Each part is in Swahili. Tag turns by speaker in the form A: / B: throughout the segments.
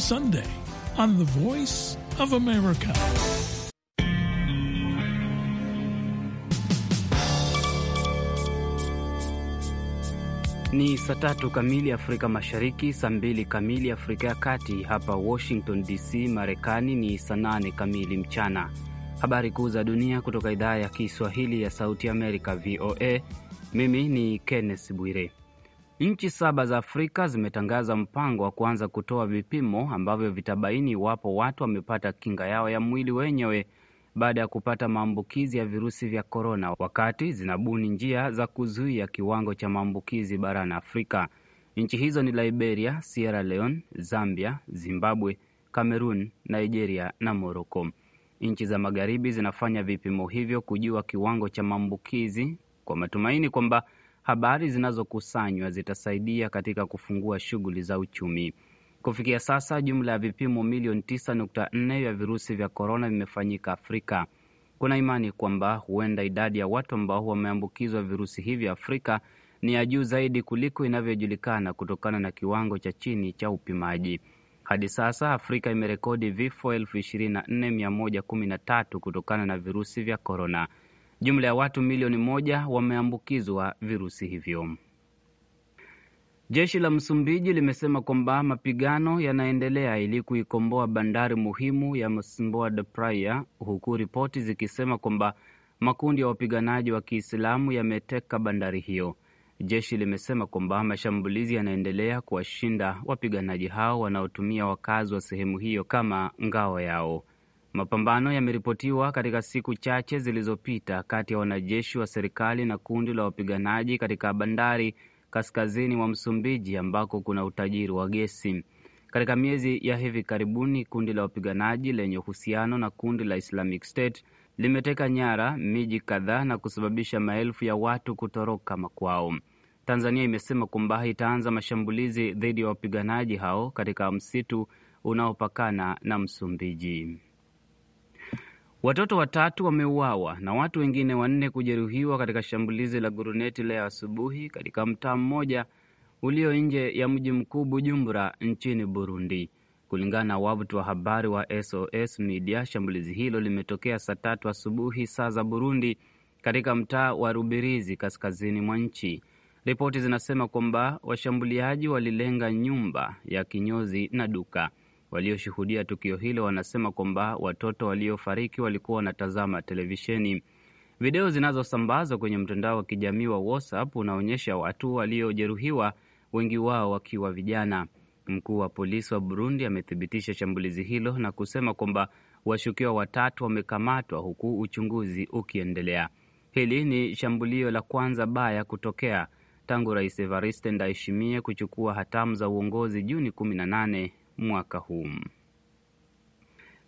A: Sunday on the Voice of America.
B: Ni saa tatu kamili Afrika Mashariki, saa mbili kamili Afrika ya Kati. Hapa Washington DC, Marekani ni saa nane kamili mchana. Habari kuu za dunia kutoka idhaa ya Kiswahili ya Sauti Amerika, VOA. Mimi ni Kenneth Bwire. Nchi saba za Afrika zimetangaza mpango wa kuanza kutoa vipimo ambavyo vitabaini iwapo watu wamepata kinga yao ya mwili wenyewe baada ya kupata maambukizi ya virusi vya korona, wakati zinabuni njia za kuzuia kiwango cha maambukizi barani Afrika. Nchi hizo ni Liberia, Sierra Leone, Zambia, Zimbabwe, Kamerun, Nigeria na moroco Nchi za magharibi zinafanya vipimo hivyo kujua kiwango cha maambukizi kwa matumaini kwamba habari zinazokusanywa zitasaidia katika kufungua shughuli za uchumi. Kufikia sasa, jumla ya vipimo milioni 9.4 vya virusi vya korona vimefanyika Afrika. Kuna imani kwamba huenda idadi ya watu ambao wameambukizwa virusi hivyo Afrika ni ya juu zaidi kuliko inavyojulikana kutokana na kiwango cha chini cha upimaji. Hadi sasa Afrika imerekodi vifo elfu kutokana na virusi vya korona. Jumla ya watu milioni moja wameambukizwa virusi hivyo. Jeshi la Msumbiji limesema kwamba mapigano yanaendelea ili kuikomboa bandari muhimu ya Mocimboa de Praia, huku ripoti zikisema kwamba makundi ya wapiganaji wa Kiislamu yameteka bandari hiyo. Jeshi limesema kwamba mashambulizi yanaendelea kuwashinda wapiganaji hao wanaotumia wakazi wa sehemu hiyo kama ngao yao. Mapambano yameripotiwa katika siku chache zilizopita kati ya wanajeshi wa serikali na kundi la wapiganaji katika bandari kaskazini mwa Msumbiji ambako kuna utajiri wa gesi. Katika miezi ya hivi karibuni, kundi la wapiganaji lenye uhusiano na kundi la Islamic State limeteka nyara miji kadhaa na kusababisha maelfu ya watu kutoroka makwao. Tanzania imesema kwamba itaanza mashambulizi dhidi ya wapiganaji hao katika msitu unaopakana na Msumbiji. Watoto watatu wameuawa na watu wengine wanne kujeruhiwa katika shambulizi la guruneti leo asubuhi katika mtaa mmoja ulio nje ya mji mkuu Bujumbura nchini Burundi. Kulingana na wavuti wa habari wa SOS Media, shambulizi hilo limetokea saa tatu asubuhi saa za Burundi katika mtaa wa Rubirizi kaskazini mwa nchi. Ripoti zinasema kwamba washambuliaji walilenga nyumba ya kinyozi na duka. Walioshuhudia tukio hilo wanasema kwamba watoto waliofariki walikuwa wanatazama televisheni. Video zinazosambazwa kwenye mtandao wa kijamii wa WhatsApp unaonyesha watu waliojeruhiwa, wengi wao wakiwa vijana. Mkuu wa polisi wa Burundi amethibitisha shambulizi hilo na kusema kwamba washukiwa watatu wamekamatwa huku uchunguzi ukiendelea. Hili ni shambulio la kwanza baya kutokea tangu Rais Evariste Ndayishimiye kuchukua hatamu za uongozi Juni 18 mwaka huu.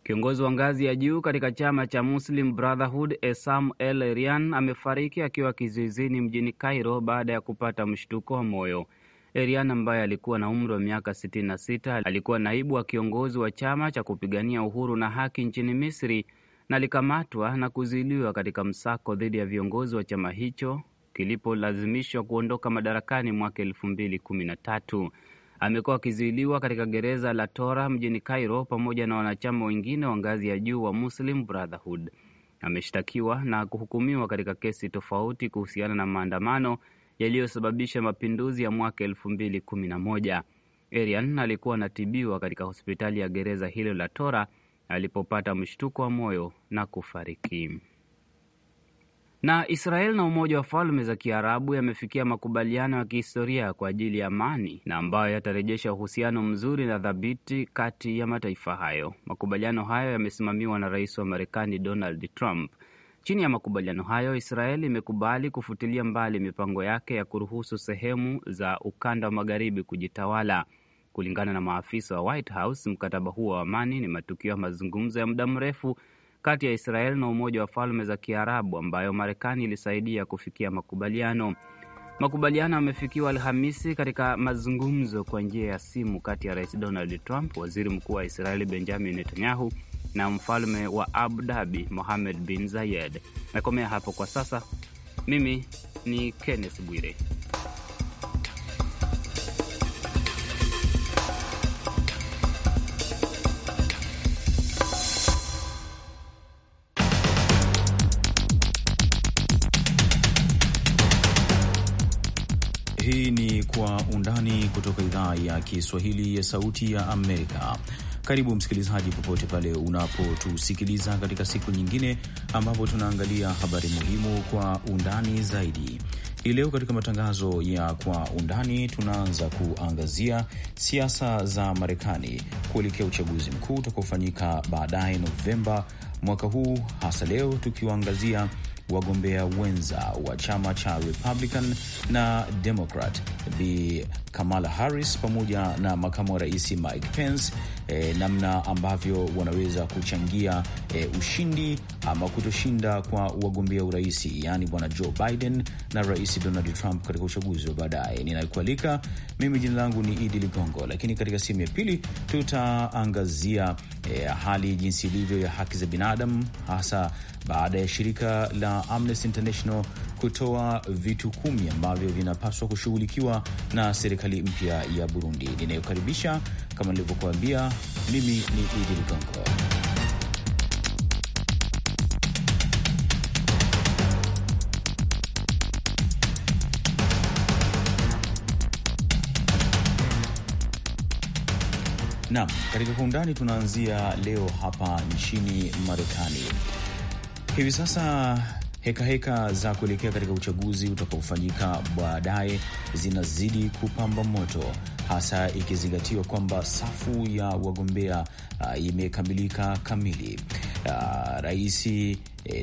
B: Kiongozi wa ngazi ya juu katika chama cha Muslim Brotherhood Esam El Erian amefariki akiwa kizuizini mjini Cairo baada ya kupata mshtuko wa moyo. Erian ambaye alikuwa na umri wa miaka 66 alikuwa naibu wa kiongozi wa chama cha kupigania uhuru na haki nchini Misri na alikamatwa na kuzuiliwa katika msako dhidi ya viongozi wa chama hicho kilipolazimishwa kuondoka madarakani mwaka 2013 amekuwa akizuiliwa katika gereza la Tora mjini Cairo pamoja na wanachama wengine wa ngazi ya juu wa Muslim Brotherhood. Ameshtakiwa na kuhukumiwa katika kesi tofauti kuhusiana na maandamano yaliyosababisha mapinduzi ya mwaka elfu mbili kumi na moja. Erian alikuwa anatibiwa katika hospitali ya gereza hilo la Tora alipopata mshtuko wa moyo na kufariki na Israel na Umoja wa Falme za Kiarabu yamefikia makubaliano ya kihistoria kwa ajili ya amani na ambayo yatarejesha uhusiano mzuri na thabiti kati ya mataifa hayo. Makubaliano hayo yamesimamiwa na rais wa Marekani Donald Trump. Chini ya makubaliano hayo, Israel imekubali kufutilia mbali mipango yake ya kuruhusu sehemu za ukanda wa magharibi kujitawala. Kulingana na maafisa wa White House, mkataba huo wa amani ni matukio ya mazungumzo ya muda mrefu kati ya Israel na Umoja wa Falme za Kiarabu ambayo Marekani ilisaidia kufikia makubaliano. Makubaliano yamefikiwa Alhamisi katika mazungumzo kwa njia ya simu kati ya Rais Donald Trump, Waziri Mkuu wa Israeli Benjamin Netanyahu na mfalme wa Abu Dhabi Mohammed bin Zayed. Nakomea hapo kwa sasa. Mimi ni Kenneth Bwire.
C: kutoka idhaa ya Kiswahili ya Sauti ya Amerika. Karibu msikilizaji, popote pale unapotusikiliza katika siku nyingine ambapo tunaangalia habari muhimu kwa undani zaidi. Hii leo katika matangazo ya kwa undani tunaanza kuangazia siasa za Marekani kuelekea uchaguzi mkuu utakaofanyika baadaye Novemba mwaka huu, hasa leo tukiwaangazia wagombea wenza wa chama cha Republican na Democrat Bi Kamala Harris pamoja na makamu wa rais Mike Pence e, namna ambavyo wanaweza kuchangia e, ushindi ama kutoshinda kwa wagombea urahisi yaani bwana Joe Biden na rais Donald Trump katika uchaguzi wa baadaye. Ninayekualika mimi jina langu ni Idi Ligongo, lakini katika sehemu ya pili tutaangazia e, hali jinsi ilivyo ya haki za binadamu hasa baada ya shirika la Amnesty International kutoa vitu kumi ambavyo vinapaswa kushughulikiwa na serikali mpya ya Burundi. Ninayokaribisha kama nilivyokuambia, mimi ni Idi Ligongo. Naam, katika kwa undani tunaanzia leo hapa nchini Marekani hivi sasa Hekaheka heka za kuelekea katika uchaguzi utakaofanyika baadaye zinazidi kupamba moto, hasa ikizingatiwa kwamba safu ya wagombea uh, imekamilika kamili. Uh, rais eh,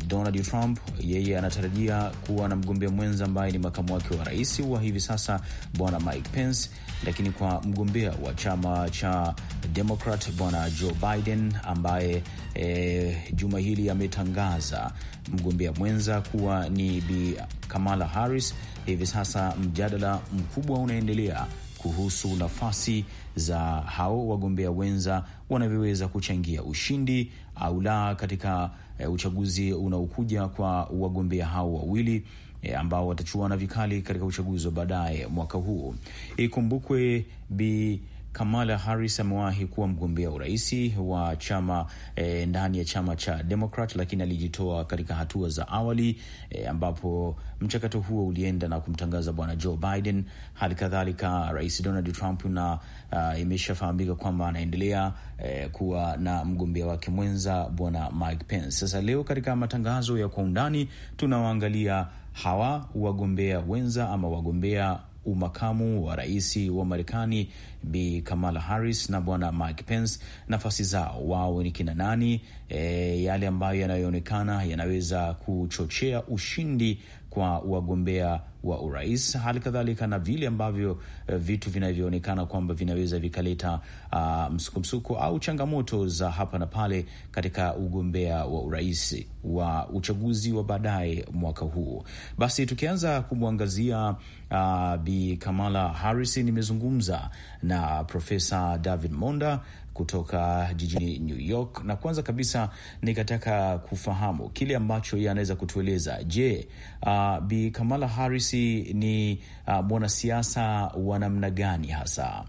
C: Donald Trump yeye anatarajia kuwa na mgombea mwenza ambaye ni makamu wake wa rais wa hivi sasa bwana Mike Pence, lakini kwa mgombea wa chama cha Democrat bwana Joe Biden ambaye eh, juma hili ametangaza mgombea mwenza kuwa ni Bi Kamala Harris. Hivi sasa mjadala mkubwa unaendelea kuhusu nafasi za hao wagombea wenza wanavyoweza kuchangia ushindi au la katika e, uchaguzi unaokuja kwa wagombea hao wawili e, ambao watachuana vikali katika uchaguzi wa baadaye mwaka huu. Ikumbukwe bi Kamala Harris amewahi kuwa mgombea uraisi wa chama e, ndani ya chama cha demokrat lakini alijitoa katika hatua za awali e, ambapo mchakato huo ulienda na kumtangaza bwana Joe Biden. Hali kadhalika rais Donald Trump na uh, imeshafahamika kwamba anaendelea e, kuwa na mgombea wake mwenza bwana Mike Pence. Sasa leo katika matangazo ya kwa undani tunawaangalia hawa wagombea wenza ama wagombea umakamu wa rais wa Marekani Bi Kamala Harris na Bwana Mike Pence, nafasi zao wao ni kina nani? E, yale ambayo yanayoonekana yanaweza kuchochea ushindi kwa wagombea wa urais, hali kadhalika na vile ambavyo uh, vitu vinavyoonekana kwamba vinaweza vikaleta uh, msukumsuku au changamoto za hapa na pale katika ugombea wa urais wa uchaguzi wa baadaye mwaka huu. Basi tukianza kumwangazia uh, Bi Kamala Harris, nimezungumza na Profesa David Monda kutoka jijini New York, na kwanza kabisa nikataka kufahamu kile ambacho yeye anaweza kutueleza. Je, uh, Bi Kamala Harris Nyeusi ni uh, mwanasiasa wa namna gani hasa?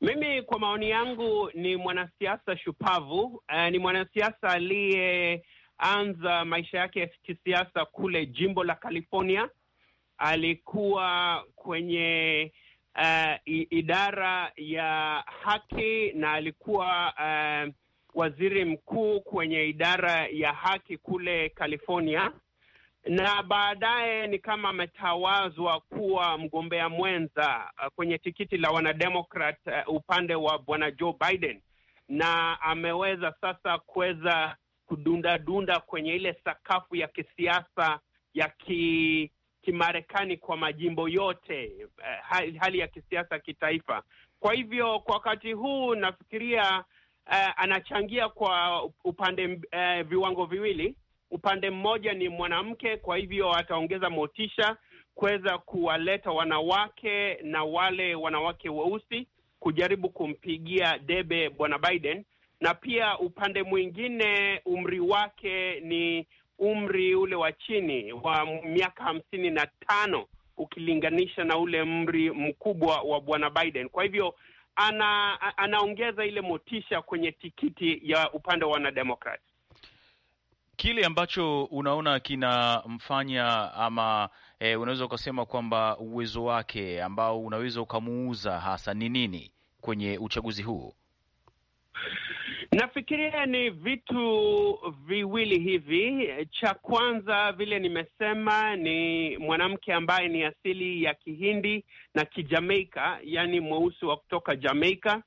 D: Mimi kwa maoni yangu ni mwanasiasa shupavu. Uh, ni mwanasiasa aliyeanza maisha yake ya kisiasa kule jimbo la California. Alikuwa kwenye uh, idara ya haki na alikuwa uh, waziri mkuu kwenye idara ya haki kule California na baadaye ni kama ametawazwa kuwa mgombea mwenza uh, kwenye tikiti la wanademokrat uh, upande wa bwana Joe Biden, na ameweza sasa kuweza kudundadunda kwenye ile sakafu ya kisiasa ya ki Kimarekani kwa majimbo yote, uh, hali ya kisiasa kitaifa. Kwa hivyo kwa wakati huu nafikiria uh, anachangia kwa upande uh, viwango viwili upande mmoja ni mwanamke, kwa hivyo ataongeza motisha kuweza kuwaleta wanawake na wale wanawake weusi kujaribu kumpigia debe bwana Biden, na pia upande mwingine umri wake ni umri ule wa chini wa miaka hamsini na tano ukilinganisha na ule umri mkubwa wa bwana Biden. Kwa hivyo ana, anaongeza ile motisha kwenye tikiti ya upande wa wanademokrat.
C: Kile ambacho unaona kinamfanya ama e, unaweza ukasema kwamba uwezo wake ambao unaweza ukamuuza hasa ni nini kwenye uchaguzi huu? Nafikiria ni vitu viwili hivi.
D: Cha kwanza, vile nimesema, ni mwanamke ambaye ni asili ya Kihindi na Kijamaika, yaani mweusi wa kutoka Jamaika.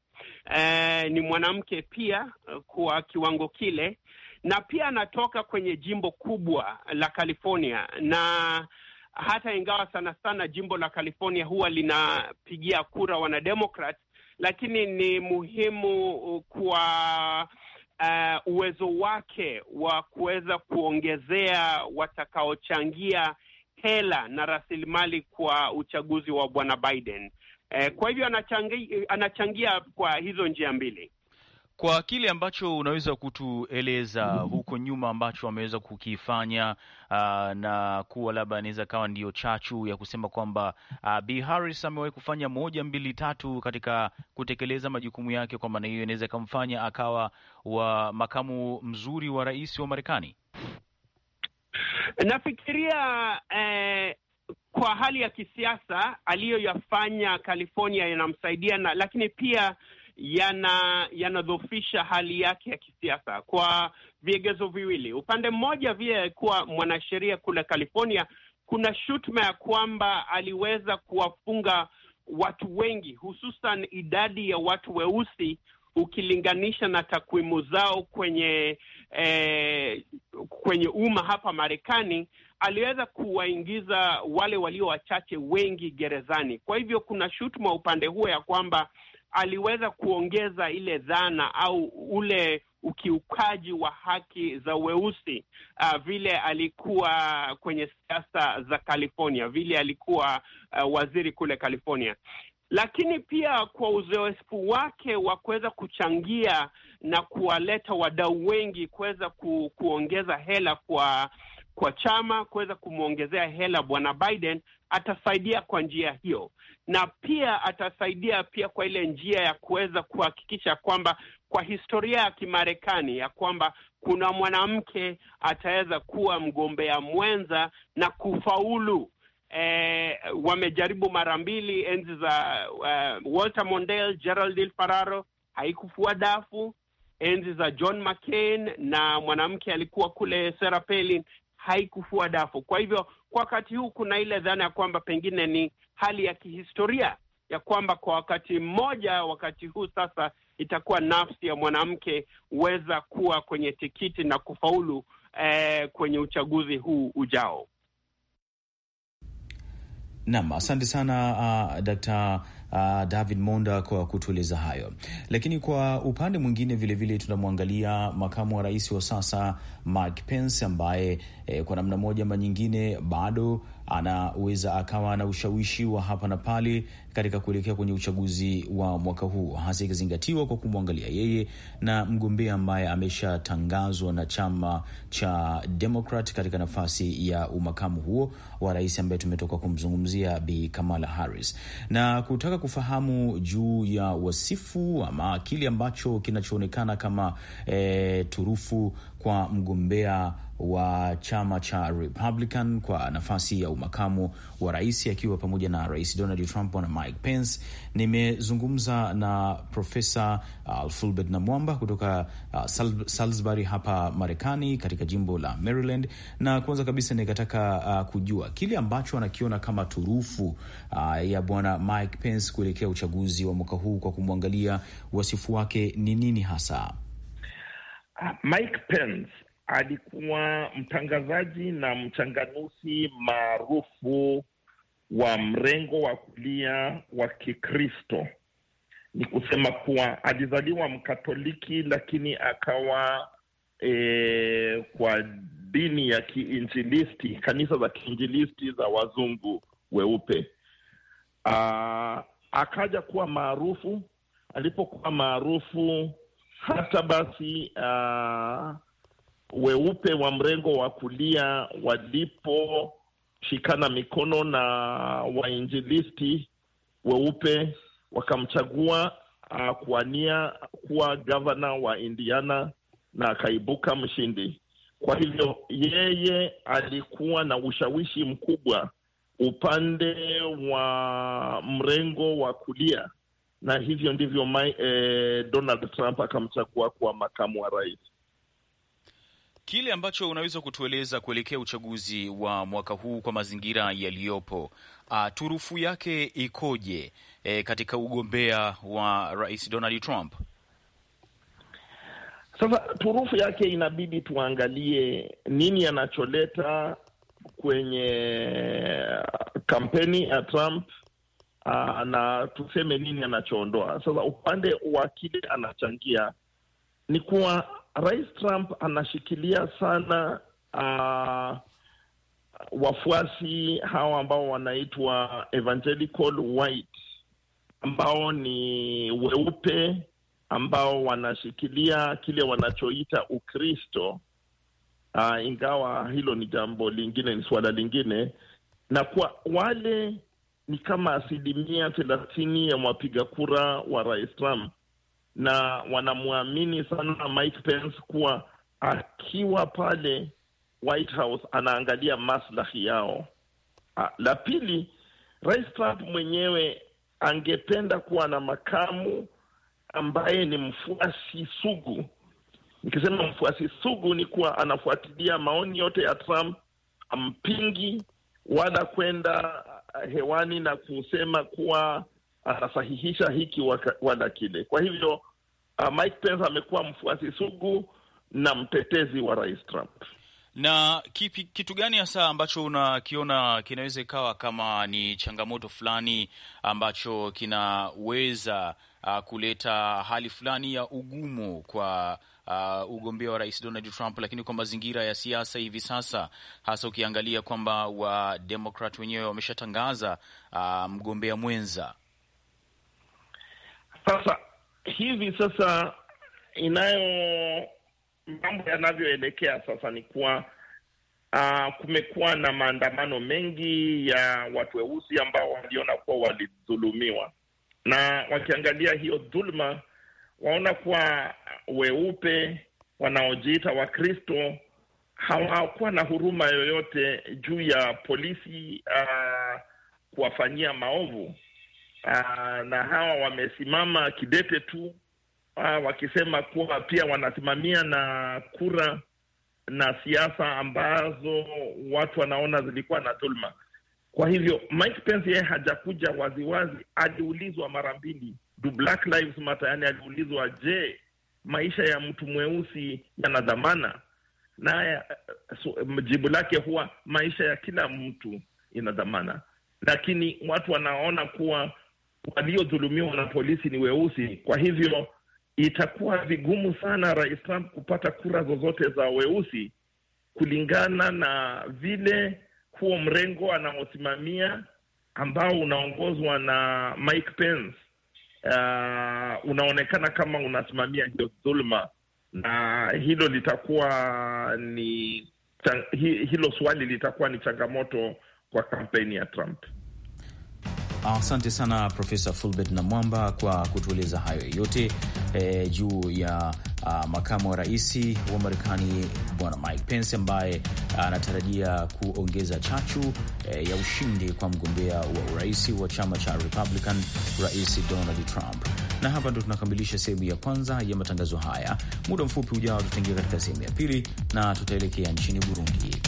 D: Eh, ni mwanamke pia kwa kiwango kile na pia anatoka kwenye jimbo kubwa la California na hata ingawa sana sana jimbo la California huwa linapigia kura wanademokrat, lakini ni muhimu kwa uh, uwezo wake wa kuweza kuongezea watakaochangia hela na rasilimali kwa uchaguzi wa bwana Biden. Uh, kwa hivyo anachangia, anachangia kwa hizo njia mbili
C: kwa kile ambacho unaweza kutueleza huko nyuma ambacho wameweza kukifanya uh, na kuwa labda anaweza kawa ndiyo chachu ya kusema kwamba uh, Bi Harris amewahi kufanya moja mbili tatu katika kutekeleza majukumu yake, kwa maana hiyo inaweza ikamfanya akawa wa makamu mzuri wa rais wa Marekani.
D: Nafikiria eh, kwa hali ya kisiasa aliyoyafanya California yanamsaidia na, lakini pia yana yanadhofisha hali yake ya kisiasa kwa viegezo viwili. Upande mmoja, vile alikuwa mwanasheria kule California, kuna shutuma ya kwamba aliweza kuwafunga watu wengi, hususan idadi ya watu weusi ukilinganisha na takwimu zao kwenye eh, kwenye umma hapa Marekani, aliweza kuwaingiza wale walio wachache wengi gerezani. Kwa hivyo kuna shutuma upande huo ya kwamba aliweza kuongeza ile dhana au ule ukiukaji wa haki za weusi uh, vile alikuwa kwenye siasa za California, vile alikuwa uh, waziri kule California, lakini pia kwa uzoefu wake wa kuweza kuchangia na kuwaleta wadau wengi kuweza ku, kuongeza hela kwa kwa chama kuweza kumwongezea hela bwana Biden, atasaidia kwa njia hiyo, na pia atasaidia pia kwa ile njia ya kuweza kuhakikisha kwamba kwa historia ya Kimarekani ya kwamba kuna mwanamke ataweza kuwa mgombea mwenza na kufaulu. E, wamejaribu mara mbili enzi za uh, Walter Mondale, Geraldine Ferraro haikufua dafu. Enzi za John McCain na mwanamke alikuwa kule Sarah Palin haikufua dafu. Kwa hivyo kwa wakati huu kuna ile dhana ya kwamba pengine ni hali ya kihistoria ya kwamba kwa wakati mmoja, wakati huu sasa itakuwa nafsi ya mwanamke huweza kuwa kwenye tikiti na kufaulu eh, kwenye uchaguzi huu ujao.
C: Naam, asante sana uh, ah, Dkt uh, David Monda kwa kutueleza hayo, lakini kwa upande mwingine vilevile tunamwangalia makamu wa rais wa sasa Mike Pence ambaye eh, kwa namna moja ama nyingine bado anaweza akawa na ushawishi wa hapa na pale katika kuelekea kwenye uchaguzi wa mwaka huu, hasa ikizingatiwa kwa kumwangalia yeye na mgombea ambaye ameshatangazwa na chama cha demokrat katika nafasi ya umakamu huo wa rais ambaye tumetoka kumzungumzia Bi Kamala Harris na kutaka kufahamu juu ya wasifu ama kile ambacho kinachoonekana kama e, turufu kwa mgombea wa chama cha Republican kwa nafasi ya umakamu wa rais akiwa pamoja na Rais Donald Trump na Mike Pence. Nimezungumza na Profesa uh, Fulbert Namwamba kutoka uh, Sal Salisbury hapa Marekani katika jimbo la Maryland, na kwanza kabisa nikataka uh, kujua kile ambacho anakiona kama turufu uh, ya bwana Mike Pence kuelekea uchaguzi wa mwaka huu kwa kumwangalia wasifu wake ni nini hasa.
A: Mike Pence alikuwa mtangazaji na mchanganuzi maarufu wa mrengo wa kulia wa Kikristo. Ni kusema kuwa alizaliwa Mkatoliki, lakini akawa e, kwa dini ya kiinjilisti, kanisa za kiinjilisti za wazungu weupe. Aa, akaja kuwa maarufu. Alipokuwa maarufu hata basi uh, weupe wa mrengo wa kulia waliposhikana mikono na wainjilisti weupe wakamchagua uh, ah, kuania kuwa gavana wa Indiana na akaibuka mshindi. Kwa hivyo yeye alikuwa na ushawishi mkubwa upande wa mrengo wa kulia na hivyo ndivyo my, eh, Donald Trump akamchagua kuwa makamu wa rais.
C: Kile ambacho unaweza kutueleza kuelekea uchaguzi wa mwaka huu kwa mazingira yaliyopo, uh, turufu yake ikoje eh, katika ugombea wa rais Donald Trump?
A: Sasa turufu yake inabidi tuangalie nini anacholeta kwenye ah, kampeni ya Trump Ah, na tuseme nini anachoondoa. Sasa upande wa kile anachangia ni kuwa Rais Trump anashikilia sana uh, wafuasi hawa ambao wanaitwa evangelical white ambao ni weupe ambao wanashikilia kile wanachoita Ukristo uh, ingawa hilo ni jambo lingine, ni suala lingine, na kwa wale ni kama asilimia thelathini ya wapiga kura wa rais Trump, na wanamwamini sana Mike Pence kuwa akiwa pale White House anaangalia maslahi yao. Ah, la pili, rais Trump mwenyewe angependa kuwa na makamu ambaye ni mfuasi sugu. Nikisema mfuasi sugu ni kuwa anafuatilia maoni yote ya Trump, ampingi wala kwenda Eh, hewani na kusema kuwa anasahihisha hiki wala kile. Kwa hivyo uh, Mike Pence amekuwa mfuasi sugu na mtetezi wa Rais Trump.
C: Na kipi, kitu gani hasa ambacho unakiona kinaweza ikawa kama ni changamoto fulani ambacho kinaweza uh, kuleta hali fulani ya ugumu kwa Uh, ugombea wa Rais Donald Trump, lakini kwa mazingira ya siasa hivi sasa, hasa ukiangalia kwamba Wademokrat wenyewe wameshatangaza uh, mgombea mwenza.
A: Sasa hivi sasa inayo mambo yanavyoelekea sasa ni kuwa uh, kumekuwa na maandamano mengi ya watu weusi ambao waliona kuwa walidhulumiwa, na wakiangalia hiyo dhuluma waona kuwa weupe wanaojiita Wakristo hawakuwa na huruma yoyote juu ya polisi uh, kuwafanyia maovu uh, na hawa wamesimama kidete tu aa, ah, wakisema kuwa pia wanasimamia na kura na siasa ambazo watu wanaona zilikuwa na dhuluma. Kwa hivyo Mike Pence yeye hajakuja waziwazi, aliulizwa mara mbili do Black Lives Matter, yani aliulizwa, je, maisha ya mtu mweusi yana dhamana? Naye so, jibu lake huwa maisha ya kila mtu ina dhamana, lakini watu wanaona kuwa waliodhulumiwa na polisi ni weusi, kwa hivyo itakuwa vigumu sana Rais Trump kupata kura zozote za weusi kulingana na vile huo mrengo anaosimamia ambao unaongozwa na Mike Pence uh, unaonekana kama unasimamia hiyo dhuluma, na hilo litakuwa ni hilo swali litakuwa ni changamoto kwa kampeni ya Trump.
C: Ah, asante sana Profesa Fulbert na mwamba kwa kutueleza hayo yote e, juu ya a, ah, makamu wa rais wa Marekani Bwana Mike Pence ambaye anatarajia kuongeza chachu e, ya ushindi kwa mgombea wa urais wa chama cha Republican Rais Donald Trump. Na hapa ndo tunakamilisha sehemu ya kwanza ya matangazo haya. Muda mfupi ujao, tutaingia katika sehemu ya pili na tutaelekea nchini Burundi.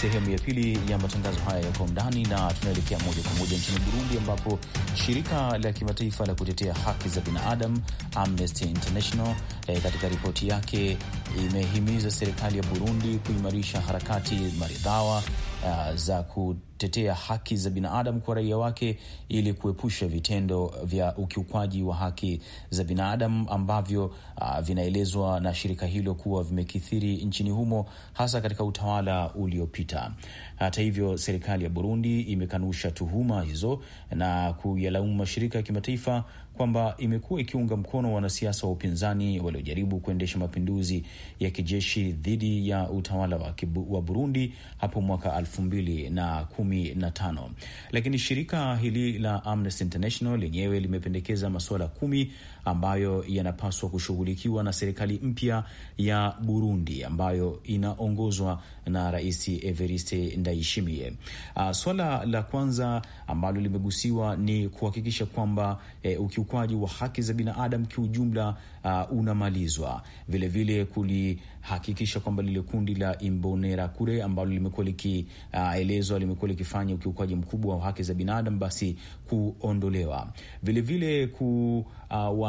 C: sehemu ya pili ya matangazo haya ya kwa undani, na tunaelekea moja kwa moja nchini Burundi ambapo shirika la kimataifa la kutetea haki za binadamu Amnesty International eh, katika ripoti yake imehimiza serikali ya Burundi kuimarisha harakati maridhawa uh, za kutetea haki za binadamu kwa raia wake ili kuepusha vitendo vya ukiukwaji wa haki za binadamu ambavyo uh, vinaelezwa na shirika hilo kuwa vimekithiri nchini humo hasa katika utawala uliopita. Hata hivyo, serikali ya Burundi imekanusha tuhuma hizo na kuyalaumu mashirika ya kimataifa kwamba imekuwa ikiunga mkono wanasiasa wa upinzani waliojaribu kuendesha mapinduzi ya kijeshi dhidi ya utawala wa, kibu, wa Burundi hapo mwaka elfu mbili na kumi na tano, lakini shirika hili la Amnesty International lenyewe limependekeza masuala kumi ambayo yanapaswa kushughulikiwa na serikali mpya ya Burundi ambayo inaongozwa na Rais Evariste Ndayishimiye. Uh, swala la kwanza ambalo limegusiwa ni kuhakikisha kwamba eh, ukiukwaji wa haki za binadamu kiujumla uh, unamalizwa, vilevile kulihakikisha kwamba lile kundi la kure ambalo limekuwa likielezwa ah, uh, limekuwa likifanya ukiukwaji mkubwa wa haki za binadamu basi kuondolewa, vilevile ku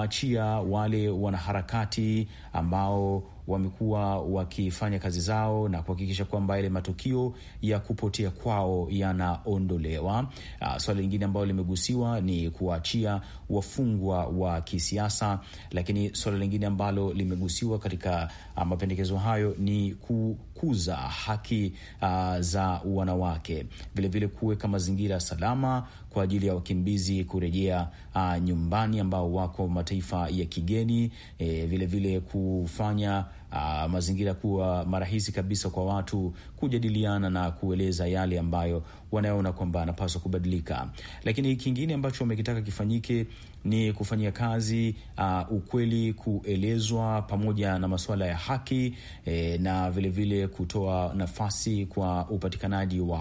C: kuwaachia wale wanaharakati ambao wamekuwa wakifanya kazi zao na kuhakikisha kwamba yale matukio ya kupotea kwao yanaondolewa. Ah, Swala lingine ambalo limegusiwa ni kuwaachia wafungwa wa kisiasa. Lakini suala lingine ambalo limegusiwa katika uh, mapendekezo hayo ni kukuza haki uh, za wanawake, vilevile kuweka mazingira salama kwa ajili ya wakimbizi kurejea uh, nyumbani ambao wako mataifa ya kigeni, vilevile eh, vile kufanya uh, mazingira kuwa marahisi kabisa kwa watu kujadiliana na kueleza yale ambayo wanaona kwamba anapaswa kubadilika. Lakini kingine ambacho wamekitaka kifanyike ni kufanyia kazi uh, ukweli kuelezwa pamoja na masuala ya haki eh, na vilevile kutoa nafasi kwa upatikanaji wa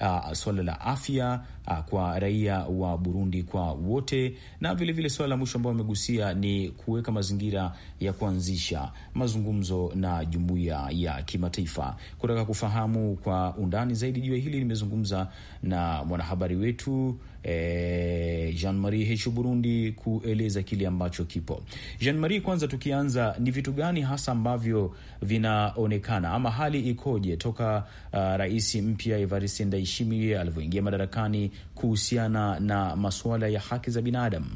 C: uh, ah, suala la afya uh, kwa raia wa Burundi kwa wote, na vilevile suala la mwisho ambayo amegusia ni kuweka mazingira ya kuanzisha mazungumzo na jumuiya ya kimataifa. Kutaka kufahamu kwa undani zaidi juu ya hili, nimezungumza na mwanahabari wetu eh, Jean Marie Hichu Burundi kueleza kile ambacho kipo. Jean Marie, kwanza tukianza, ni vitu gani hasa ambavyo vinaonekana ama hali ikoje toka uh, rais mpya Evariste Ndayishimiye alivyoingia madarakani kuhusiana na masuala ya haki za binadamu.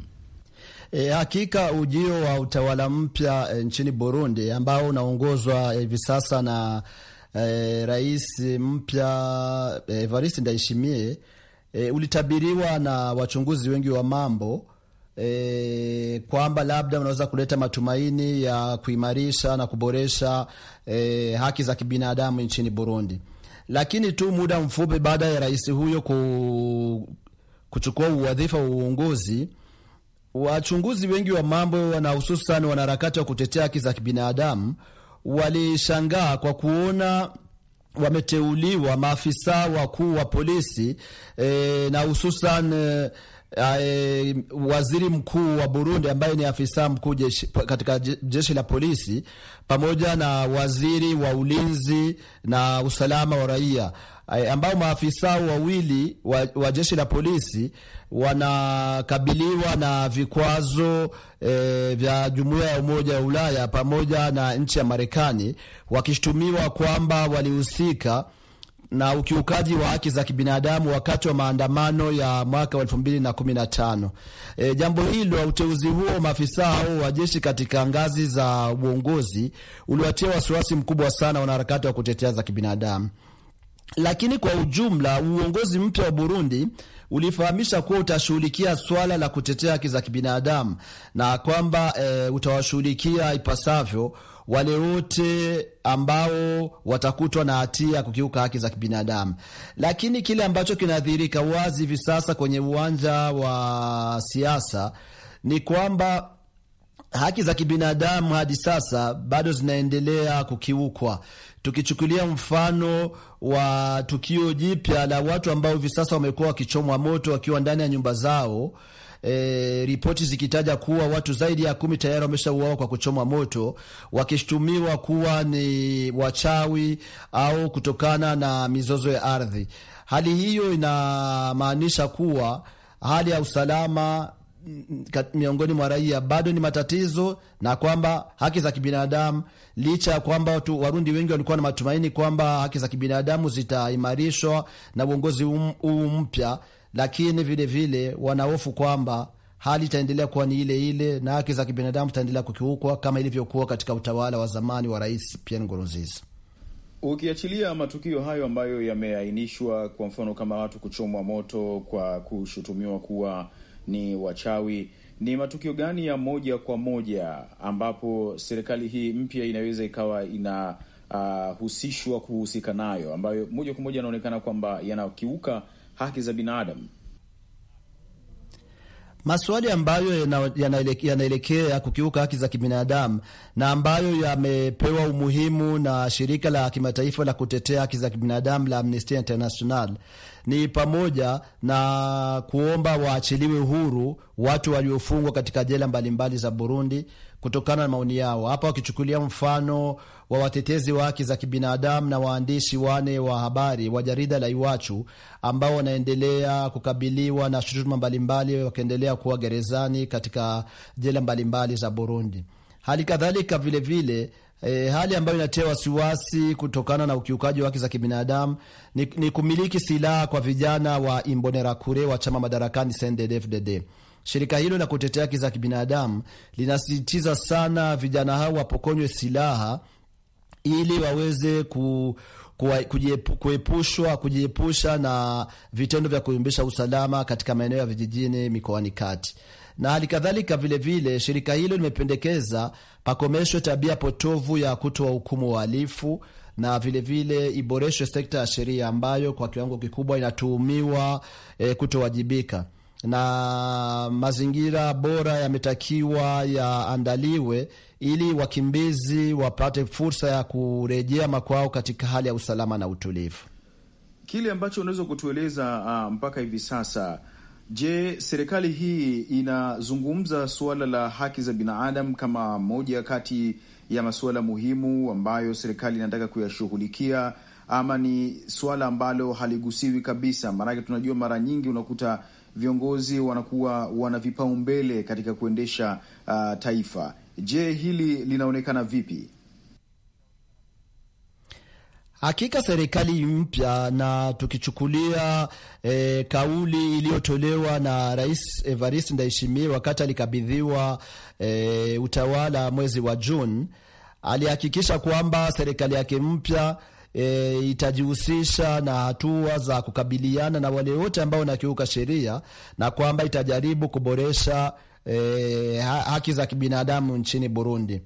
E: E, hakika ujio wa utawala mpya e, nchini Burundi ambao unaongozwa e, hivi e, sasa na e, rais mpya e, Evariste Ndayishimiye e, ulitabiriwa na wachunguzi wengi wa mambo e, kwamba labda unaweza kuleta matumaini ya kuimarisha na kuboresha e, haki za kibinadamu nchini Burundi lakini tu muda mfupi baada ya rais huyo ku, kuchukua uwadhifa wa uongozi, wachunguzi wengi wa mambo na hususan wanaharakati wa kutetea haki za kibinadamu walishangaa kwa kuona wameteuliwa maafisa wakuu wa polisi e, na hususan e, Uh, waziri mkuu wa Burundi ambaye ni afisa mkuu jeshi, katika jeshi la polisi pamoja na waziri wa ulinzi na usalama wa raia eh, ambao maafisa wawili wa, wa jeshi la polisi wanakabiliwa na vikwazo e, vya jumuiya ya Umoja wa Ulaya pamoja na nchi ya Marekani wakishutumiwa kwamba walihusika na ukiukaji wa haki za kibinadamu wakati wa maandamano ya mwaka wa 2015. E, jambo hilo, uteuzi huo maafisa hao wa jeshi katika ngazi za uongozi uliwatia wasiwasi mkubwa sana wanaharakati wa kutetea za kibinadamu. Lakini kwa ujumla uongozi mpya wa Burundi ulifahamisha kuwa utashughulikia swala la kutetea haki za kibinadamu na kwamba e, utawashughulikia ipasavyo wale wote ambao watakutwa na hatia kukiuka haki za kibinadamu. Lakini kile ambacho kinadhihirika wazi hivi sasa kwenye uwanja wa siasa ni kwamba haki za kibinadamu hadi sasa bado zinaendelea kukiukwa. Tukichukulia mfano wa tukio jipya la watu ambao hivi sasa wamekuwa wakichomwa moto wakiwa ndani ya nyumba zao e, ripoti zikitaja kuwa watu zaidi ya kumi tayari wameshauawa kwa kuchomwa moto, wakishutumiwa kuwa ni wachawi au kutokana na mizozo ya ardhi. Hali hiyo inamaanisha kuwa hali ya usalama mm, miongoni mwa raia bado ni matatizo na kwamba haki za kibinadamu, licha ya kwamba watu Warundi wengi walikuwa na matumaini kwamba haki za kibinadamu zitaimarishwa na uongozi um, huu mpya lakini vilevile wanahofu kwamba hali itaendelea kuwa ni ile ile na haki za kibinadamu zitaendelea kukiukwa kama ilivyokuwa katika utawala wa zamani wa Rais Pierre Nkurunziza.
C: Ukiachilia matukio hayo ambayo yameainishwa, kwa mfano kama watu kuchomwa moto kwa kushutumiwa kuwa ni wachawi, ni matukio gani ya moja kwa moja ambapo serikali hii mpya inaweza ikawa inahusishwa uh, kuhusika nayo ambayo moja kwa moja yanaonekana kwamba yanakiuka haki za binadamu.
E: Maswali ambayo yanaelekea yanaelekea kukiuka haki za kibinadamu na ambayo yamepewa umuhimu na shirika la kimataifa la kutetea haki za kibinadamu la Amnesty International ni pamoja na kuomba waachiliwe huru watu waliofungwa katika jela mbalimbali za Burundi, kutokana na maoni yao, hapa wakichukulia mfano wa watetezi wa haki za kibinadamu na waandishi wane wa habari wa jarida la Iwachu ambao wanaendelea kukabiliwa na shutuma mbalimbali, wakiendelea kuwa gerezani katika jela mbalimbali za Burundi. Hali kadhalika vilevile E, eh, hali ambayo inatia wasiwasi kutokana na ukiukaji wa haki za kibinadamu ni, ni kumiliki silaha kwa vijana wa Imbonerakure wa chama madarakani CNDD-FDD. Shirika hilo la kutetea haki za kibinadamu linasisitiza sana vijana hao wapokonywe silaha ili waweze ku kuepushwa kujiepusha na vitendo vya kuyumbisha usalama katika maeneo ya vijijini mikoani kati. Na hali kadhalika, vilevile shirika hilo limependekeza pakomeshwe tabia potovu ya kutoa hukumu wahalifu na vilevile vile iboreshwe sekta ya sheria ambayo kwa kiwango kikubwa inatuhumiwa e, kutowajibika na mazingira bora yametakiwa yaandaliwe ili wakimbizi wapate fursa ya kurejea makwao katika hali ya usalama na utulivu.
C: Kile ambacho unaweza kutueleza uh, mpaka hivi sasa, je, serikali hii inazungumza suala la haki za binadamu kama moja kati ya masuala muhimu ambayo serikali inataka kuyashughulikia ama ni suala ambalo haligusiwi kabisa? Maanake tunajua mara nyingi unakuta viongozi wanakuwa wana vipaumbele katika kuendesha uh, taifa. Je, hili linaonekana vipi?
E: Hakika serikali mpya na tukichukulia e, kauli iliyotolewa na Rais Evariste Ndayishimiye wakati alikabidhiwa e, utawala mwezi wa Juni, alihakikisha kwamba serikali yake mpya e, itajihusisha na hatua za kukabiliana na wale wote ambao wanakiuka sheria na kwamba itajaribu kuboresha e, haki za kibinadamu nchini Burundi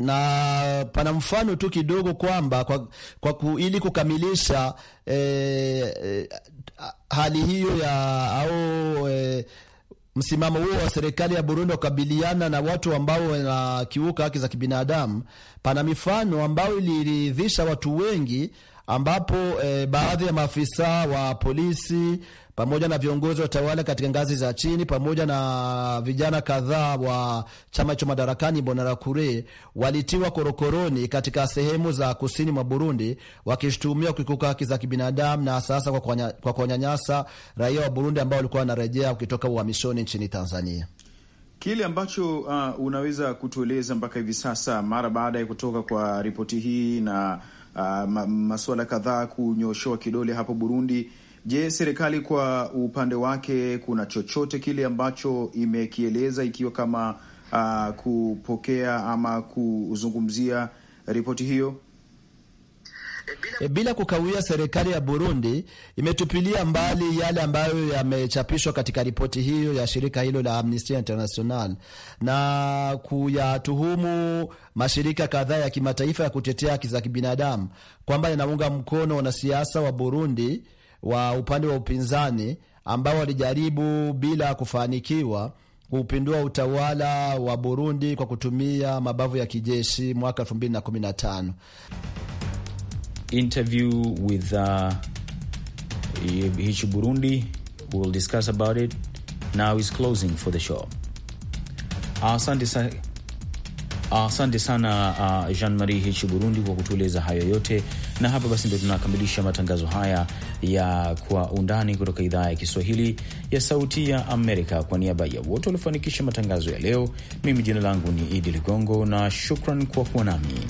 E: na pana mfano tu kidogo kwamba kwa, kwa ku, ili kukamilisha e, e, hali hiyo ya au e, msimamo huo wa serikali ya Burundi wakabiliana na watu ambao wanakiuka haki za kibinadamu. Pana mifano ambayo iliridhisha watu wengi ambapo e, baadhi ya maafisa wa polisi pamoja na viongozi wa tawala katika ngazi za chini pamoja na vijana kadhaa wa chama hicho madarakani Imbonerakure walitiwa korokoroni katika sehemu za kusini mwa Burundi wakishutumiwa kukiuka haki za kibinadamu na sasa kwa kuwanyanyasa raia wa Burundi ambao walikuwa wanarejea kutoka uhamishoni nchini Tanzania.
C: Kile ambacho uh, unaweza kutueleza mpaka hivi sasa mara baada ya kutoka kwa ripoti hii na uh, ah, masuala kadhaa kunyoshoa kidole hapo Burundi. Je, serikali kwa upande wake kuna chochote kile ambacho imekieleza ikiwa kama uh, kupokea ama kuzungumzia ripoti hiyo?
E: Eh, bila kukawia, serikali ya Burundi imetupilia mbali yale ambayo yamechapishwa katika ripoti hiyo ya shirika hilo la Amnesty International na kuyatuhumu mashirika kadhaa ya kimataifa ya kutetea haki za kibinadamu kwamba yanaunga mkono wanasiasa wa Burundi wa upande wa upinzani ambao walijaribu bila kufanikiwa kupindua utawala wa Burundi kwa kutumia mabavu ya kijeshi mwaka 2015 interview with uh, Hichi
C: Burundi. We'll discuss about it. Now is closing for the show. Asante sa asante sana uh, Jean Marie Hichi Burundi kwa kutueleza hayo yote, na hapa basi ndio tunakamilisha matangazo haya ya kwa undani kutoka idhaa ya Kiswahili ya Sauti ya Amerika. Kwa niaba ya wote waliofanikisha matangazo ya leo, mimi jina langu ni Idi Ligongo na shukran kwa kuwa nami.